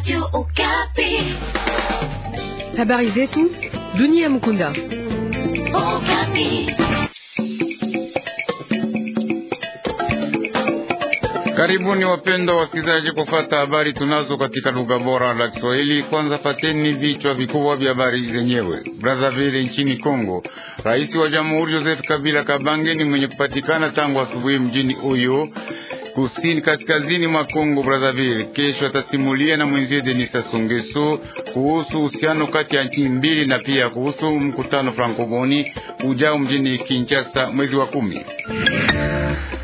Radio Okapi. Habari zetu dunia Mukunda. Okapi. Karibuni wapendwa wasikilizaji kufata habari tunazo katika lugha bora la Kiswahili. Kwanza pateni vichwa vikubwa vya habari zenyewe. Brazzaville nchini Kongo, rais wa jamhuri Joseph Kabila Kabange ni mwenye kupatikana tangu asubuhi mjini huyu kusini kaskazini mwa Kongo Brazzaville. Kesho atasimulia na mwenzie Denis Sassou kuhusu uhusiano kati ya nchi mbili na pia kuhusu mkutano Francophonie ujao mjini Kinshasa mwezi wa kumi.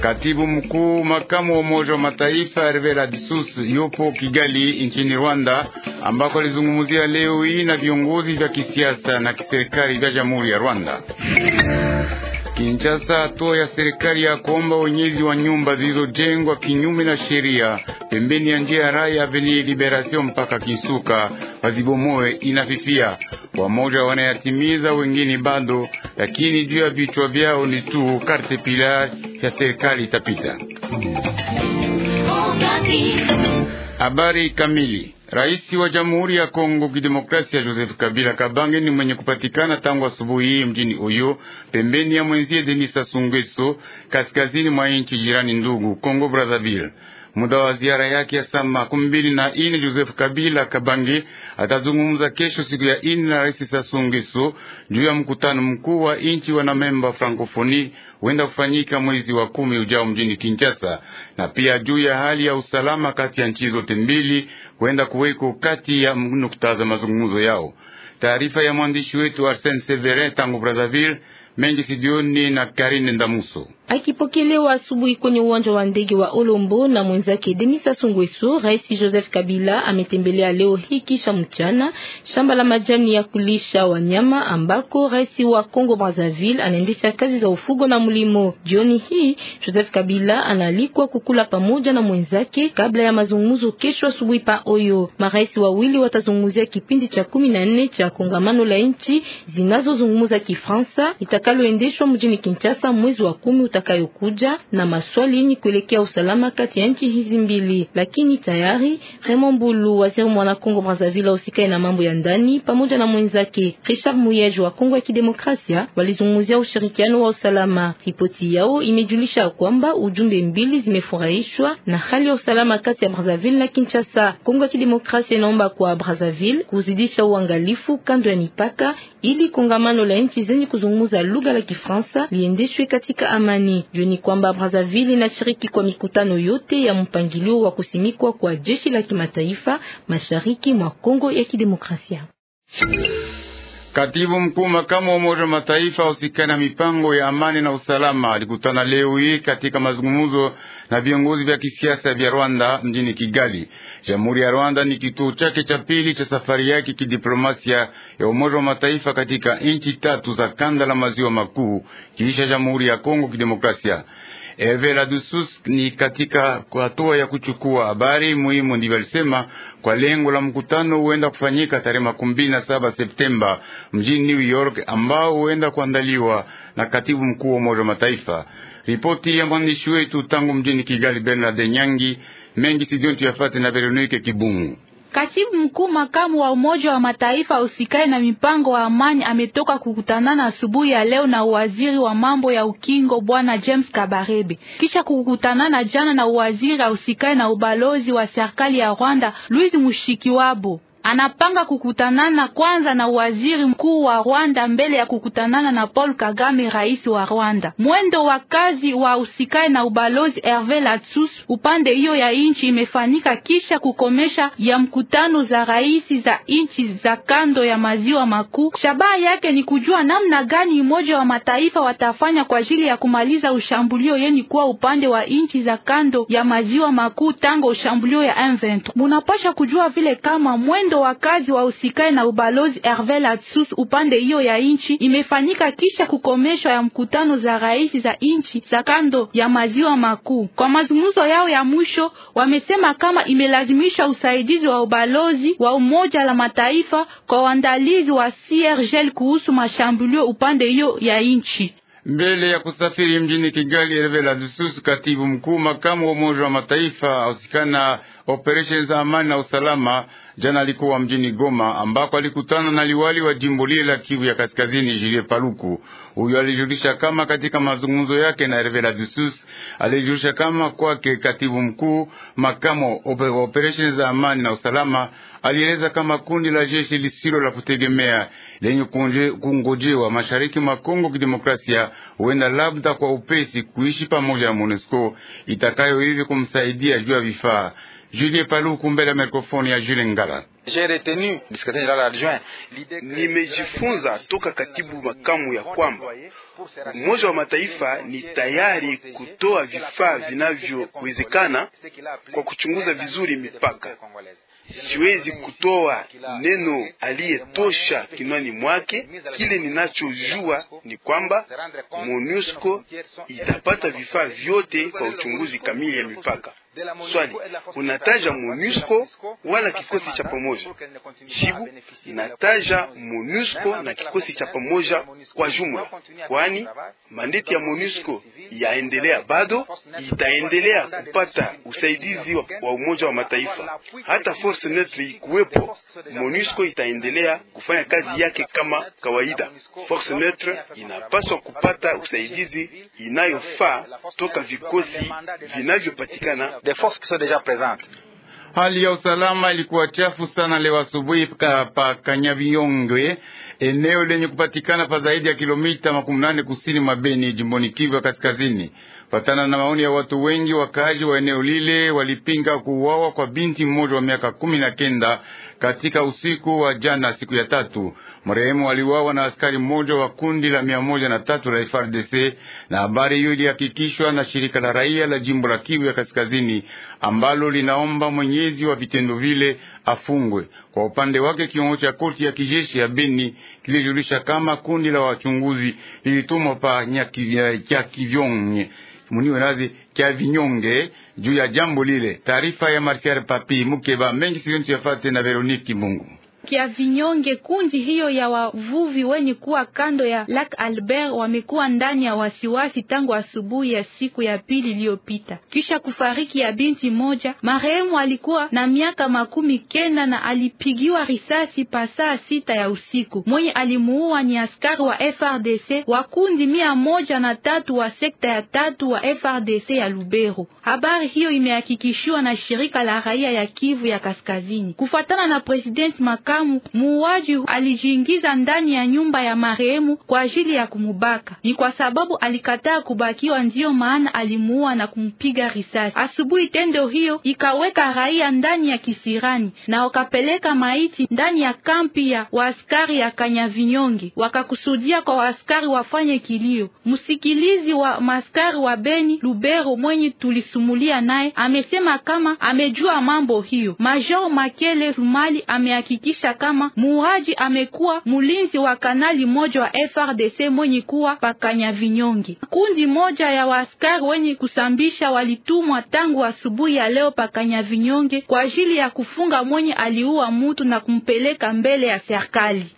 Katibu mkuu makamu wa Umoja wa Mataifa Herve dsus yupo Kigali nchini Rwanda, ambako alizungumzia leo hii na viongozi vya kisiasa na kiserikali vya Jamhuri ya Rwanda. Kinshasa, hatua ya serikali ya kuomba wenyezi wa nyumba zilizojengwa kinyume na sheria pembeni ya njia ya raya Avenue Liberation mpaka Kisuka wazibomoe inafifia. Wamoja wanayatimiza, wengine bado, lakini juu ya vichwa vyao ni tu karte pilar ya serikali itapita. Oh, Habari kamili Raisi wa Jamhuri ya Kongo Kidemokrasia Joseph Kabila Kabange ni mwenye kupatikana tangu asubuhi hii mjini Oyo pembeni ya mwenzie Denis Sassou Nguesso kaskazini mwa nchi jirani ndugu Kongo Brazzaville. Muda wa ziara yake ya saa makumi mbili na ine Joseph Kabila Kabangi atazungumza kesho siku ya ine na Rais Sassou Nguesso juu ya mkutano mkuu wa inchi memba Frankofoni huenda kufanyika mwezi wa kumi ujao mjini Kinshasa, na pia juu ya hali ya usalama kati ya nchi zote mbili huenda kuweko kati ya nukta za mazungumzo yao. Taarifa ya mwandishi wetu Arsene Severin tangu Brazzaville, mengi sidioni na Karine Ndamuso. Akipokelewa asubuhi kwenye uwanja wa ndege wa Olombo na mwenzake Denis Sassou Rais Joseph Kabila ametembelea leo hii kisha mchana shamba la majani ya kulisha wanyama ambako Rais wa Kongo Brazzaville anaendesha kazi za ufugo na mlimo. Jioni hii Joseph Kabila analikwa kukula pamoja na mwenzake kabla ya mazungumzo kesho asubuhi pa Oyo. Marais wawili watazungumzia kipindi cha 14 cha kongamano la nchi zinazozungumza Kifaransa itakaloendeshwa mjini Kinshasa mwezi wa kumi utakayokuja na maswali yenye kuelekea usalama kati ya nchi hizi mbili. Lakini tayari Raymond Bulu waziri mwana Kongo Brazzaville usikae na mambo ya ndani, pamoja na mwenzake Richard Muyejo wa Kongo ya Kidemokrasia walizungumzia ushirikiano wa usalama. Ripoti yao imejulisha kwamba ujumbe mbili zimefurahishwa na hali ya usalama kati ya Brazzaville na Kinshasa. Kongo ya Kidemokrasia inaomba kwa Brazzaville kuzidisha uangalifu kando ya mipaka ili kongamano la nchi zenye kuzungumza lugha la Kifaransa liendeshwe katika amani amani. Juni kwamba Brazzaville inashiriki kwa mikutano yote ya mpangilio wa kusimikwa kwa jeshi la kimataifa mashariki mwa Kongo ya Kidemokrasia. Katibu mkuu makamu wa Umoja wa Mataifa usikani na mipango ya amani na usalama alikutana leo hii katika mazungumzo na viongozi vya kisiasa vya Rwanda mjini Kigali. Jamhuri ya Rwanda ni kituo chake cha pili cha safari yake kidiplomasia ya Umoja wa Mataifa katika nchi tatu za kanda la maziwa makuu, kisha Jamhuri ya Kongo Kidemokrasia. Evera Dusus ni katika hatua ya kuchukua habari muhimu, ndivyo alisema, kwa lengo la mkutano huenda kufanyika tarehe makumi na saba Septemba mjini New York, ambao huenda kuandaliwa na katibu mkuu wa Umoja wa Mataifa. Ripoti ya mwandishi wetu tangu mjini Kigali, Bernard Nyangi. Mengi Sidiontu Yafate na Veronique Kibungu. Katibu mkuu makamu wa Umoja wa Mataifa usikae na mipango wa amani ametoka kukutanana asubuhi ya leo na uwaziri wa mambo ya ukingo bwana James Kabarebe, kisha kukutanana jana na uwaziri usikae na ubalozi wa serikali ya Rwanda Louise Mushikiwabo anapanga kukutanana kwanza na waziri mkuu wa Rwanda mbele ya kukutanana na Paul Kagame, rais wa Rwanda. Mwendo wa kazi wa usikae na ubalozi Herve Latsous upande hiyo ya nchi imefanyika kisha kukomesha ya mkutano za raisi za nchi za kando ya maziwa makuu. Shabaha yake ni kujua namna gani mmoja wa Mataifa watafanya kwa ajili ya kumaliza ushambulio yeni kuwa upande wa nchi za kando ya maziwa makuu tangu ushambulio ya M23. Munapasha kujua vile kama mwendo wa wakazi wa usikae na ubalozi Herve Latsous upande hiyo ya nchi imefanyika kisha kukomeshwa ya mkutano za rais za nchi za kando ya maziwa makuu. Kwa mazungumzo yao ya mwisho, wamesema kama imelazimisha usaidizi wa ubalozi wa Umoja la Mataifa kwa wandalizi wa CIRGL kuhusu mashambulio upande hiyo ya nchi. Mbele ya kusafiri mjini Kigali, Herve Latsous, katibu mkuu makamu wa Umoja wa Mataifa ausikana operesheni za amani na usalama. Jana alikuwa mjini Goma ambako alikutana na liwali wa jimbo lile la Kivu ya Kaskazini, Julie Paluku. Huyo alijulisha kama katika mazungumzo yake na Revela Dusus alijulisha kama kwake katibu mkuu makamo wa operesheni za amani na usalama alieleza kama kundi la jeshi lisilo la kutegemea lenye kungojewa mashariki mwa Kongo Kidemokrasia huenda labda kwa upesi kuishi pamoja na MONUSCO itakayo hivi kumsaidia juu ya vifaa Julien Paluku mbele ya mikrofoni ya Julien Ngala. Nimejifunza toka katibu makamu ya kwamba Umoja wa Mataifa ni tayari kutoa vifaa vinavyowezekana kwa kuchunguza vizuri mipaka. Siwezi kutoa neno aliyetosha kinwani mwake. Kile ninachojua ni kwamba MONUSCO itapata vifaa vyote kwa uchunguzi kamili ya mipaka. Swali, unataja MONUSCO wala kikosi cha pamoja? Jibu, nataja MONUSCO na kikosi cha pamoja kwa jumla kwa amani, mandeti ya MONUSCO yaendelea bado, itaendelea kupata usaidizi wa Umoja wa Mataifa. Hata force neutre ikuwepo, MONUSCO itaendelea kufanya kazi yake kama kawaida. Force neutre inapaswa kupata usaidizi inayofaa toka vikosi vinavyopatikana. Hali ya usalama ilikuwa chafu sana leo asubuhi pa Kanyaviongwe, eneo lenye kupatikana pa zaidi ya kilomita makumi nane kusini mwa Beni, jimboni Kivu kaskazini. Patana na maoni ya watu wengi, wakaaji wa eneo lile walipinga kuuawa kwa binti mmoja wa miaka kumi na kenda katika usiku wa jana, siku ya tatu. Marehemu aliuawa na askari mmoja wa kundi la mia moja na tatu la frdc na habari hiyo ilihakikishwa na shirika la raia la jimbo la Kivu ya Kaskazini ambalo linaomba mwenyezi wa vitendo vile afungwe. Kwa upande wake kiongozi cha korti ya kijeshi ya Beni kilijulisha kama kundi la wachunguzi lilitumwa pa Nyakivyonge muniwe radhi kya vinyonge juu ya jambo lile. Taarifa ya Marsial Papi Mukeba mengi sizentu yafate na Veroniki Mungu ya Vinyonge, kundi hiyo ya wavuvi wenye kuwa kando ya Lac Albert wamekuwa ndani ya wasiwasi tangu asubuhi ya siku ya pili iliyopita, kisha kufariki ya binti moja. Marehemu alikuwa na miaka makumi kenda na alipigiwa risasi pasaa sita ya usiku. Mwenye alimuua ni askari wa FRDC wa kundi mia moja na tatu wa sekta ya tatu wa FRDC ya Lubero. Habari hiyo imehakikishiwa na shirika la raia ya Kivu ya Kaskazini kufuatana na President Maka makamu, muuaji alijiingiza ndani ya nyumba ya marehemu kwa ajili ya kumubaka. Ni kwa sababu alikataa kubakiwa, ndiyo maana alimuua na kumpiga risasi. Asubuhi tendo hiyo ikaweka raia ndani ya kisirani na wakapeleka maiti ndani ya kampi ya waaskari ya Kanyavinyonge, wakakusudia kwa waaskari wafanye kilio. Msikilizi wa maskari wa Beni Lubero mwenye tulisumulia naye amesema kama amejua mambo hiyo. Major Makele sumali amehakikisha kujulisha kama muuaji amekuwa mlinzi wa kanali moja wa FRDC mwenye kuwa pakanya vinyonge. Kundi moja ya waaskari wenye kusambisha walitumwa tangu asubuhi ya leo pakanya vinyonge kwa ajili ya kufunga mwenye aliua mutu na kumpeleka mbele ya serikali.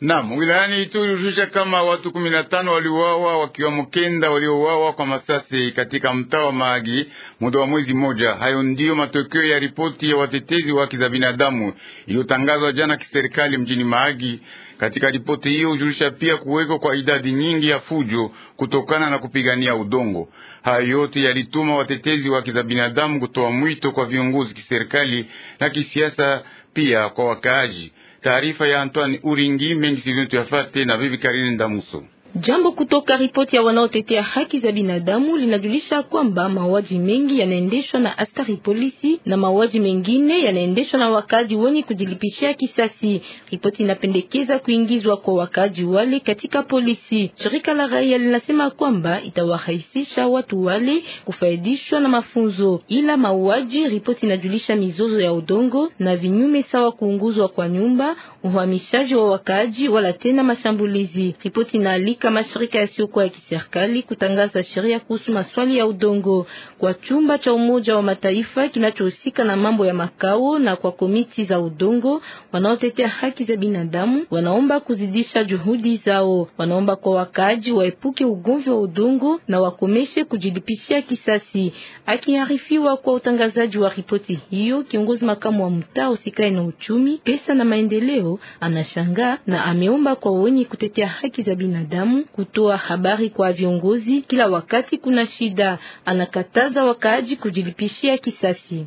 Naam, wilayani Ituri hujulisha kama watu kumi na tano waliuawa wakiwa mkenda waliouawa kwa masasi katika mtaa wa maagi muda wa mwezi mmoja. Hayo ndiyo matokeo ya ripoti ya watetezi wa haki za binadamu iliyotangazwa jana kiserikali mjini maagi katika ripoti hiyo hujulisha pia kuwekwa kwa idadi nyingi ya fujo kutokana na kupigania udongo. Hayo yote yalituma watetezi wa haki za binadamu kutoa mwito kwa viongozi kiserikali na kisiasa, pia kwa wakaaji. Taarifa ya Antoine Uringi mengi sivintu yafate na bibi Karine Ndamuso. Jambo kutoka ripoti ya wanaotetea haki za binadamu linajulisha kwamba mauaji mengi yanaendeshwa na askari polisi na mauaji mengine yanaendeshwa na wakaji wenye kujilipishia kisasi. Ripoti inapendekeza kuingizwa kwa wakaji wale katika polisi. Shirika la raia linasema kwamba itawarahisisha watu wale kufaidishwa na mafunzo. Ila mauaji, ripoti inajulisha mizozo ya udongo na vinyume sawa kuunguzwa kwa nyumba, uhamishaji wa wakaji wala tena mashambulizi. Ripoti na yalilazimika mashirika yasiyokuwa ya kiserikali kutangaza sheria kuhusu maswali ya udongo kwa chumba cha Umoja wa Mataifa kinachohusika na mambo ya makao na kwa komiti za udongo. Wanaotetea haki za binadamu wanaomba kuzidisha juhudi zao, wanaomba kwa wakaaji waepuke ugomvi wa udongo na wakomeshe kujilipishia kisasi. Akiarifiwa kwa utangazaji wa ripoti hiyo, kiongozi makamu wa mtaa usikae na uchumi, pesa na maendeleo, anashangaa na ameomba kwa wenye kutetea haki za binadamu binadamu, kutoa habari kwa viongozi kila wakati kuna shida. Anakataza wakaaji kujilipishia kisasi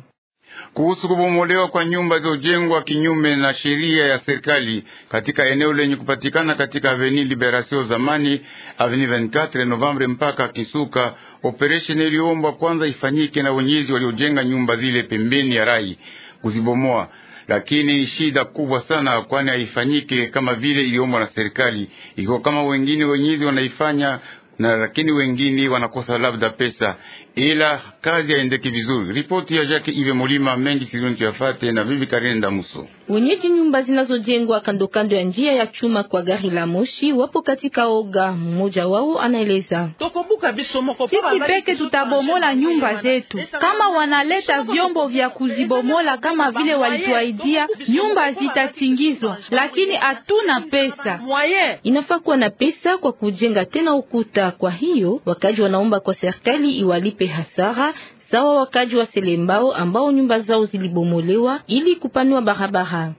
kuhusu kubomolewa kwa nyumba zilizojengwa kinyume na sheria ya serikali katika eneo lenye kupatikana katika Avenue Liberation zamani Avenue 24 Novembre mpaka Kisuka. Operation iliombwa kwanza ifanyike na wenyezi waliojenga nyumba zile pembeni ya rai kuzibomoa lakini shida kubwa sana, kwani haifanyike kama vile iliombwa na serikali. Iko kama wengine wenyezi wanaifanya na lakini wengine wanakosa labda pesa, ila kazi haendeki vizuri. Ripoti ya Jacques Ive Mulima mengi sizoni tuyafate na bibi Karine Ndamuso. Wenyeji nyumba zinazojengwa kando kando ya njia ya chuma kwa gari la moshi wapo katika oga. Mmoja wao anaeleza, sisi peke tutabomola nyumba zetu kama wanaleta vyombo vya kuzibomola kama vile walituaidia, nyumba zitatingizwa, lakini hatuna pesa. Inafaa kuwa na pesa kwa kujenga tena ukuta. Kwa hiyo wakaji wanaomba kwa serikali iwalipe hasara sawa wakaji wa Selembao ambao nyumba zao zilibomolewa ili kupanua barabara.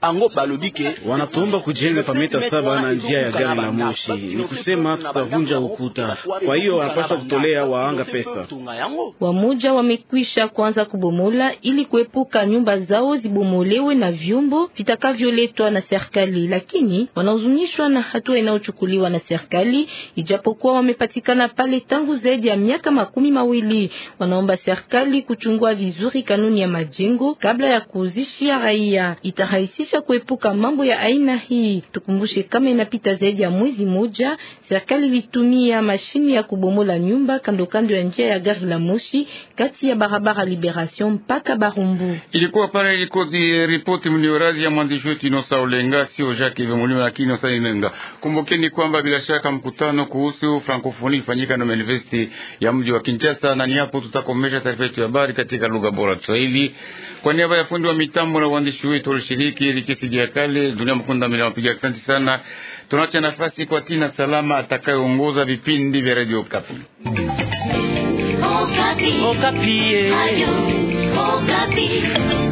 Wanatuomba kujenga pameta saba na njia ya gari la moshi, ni kusema tutavunja ukuta. Kwa hiyo wanapaswa kutolea waanga pesa. Wamoja wamekwisha kuanza kubomola ili kuepuka nyumba zao zibomolewe na vyombo vitakavyoletwa na serikali, lakini wanahuzunishwa na hatua inayochukuliwa na serikali, ijapokuwa wamepatikana pale tangu zaidi ya miaka makumi mawili. Wanaomba serikali serikali kuchungua vizuri kanuni ya majengo kabla ya kuuzishia raia. Itarahisisha kuepuka mambo ya aina hii. Tukumbushe kama inapita zaidi ya mwezi moja, serikali ilitumia mashini ya kubomola nyumba kando kando ya njia ya gari la moshi kati ya barabara Liberation mpaka Barumbu. Ilikuwa pale ilikuwa di ripoti mliorazi ya mwandishi wetu Inosa Olenga, sio Jacques Vemulima, lakini Inosa Olenga. Kumbukeni kwamba bila shaka mkutano kuhusu francophonie ilifanyika na University ya mji wa Kinshasa, na ni hapo tutakomesha taarifa yetu ya habari katika lugha bora Kiswahili. Kwa niaba ya fundi wa mitambo na uandishi wetu walishiriki likisija kale dunia mkunda mila mapiga, asante sana. Tunaacha nafasi kwa Tina Salama atakayeongoza vipindi vya Radio Okapi. Okapi. Okapi. Okapi.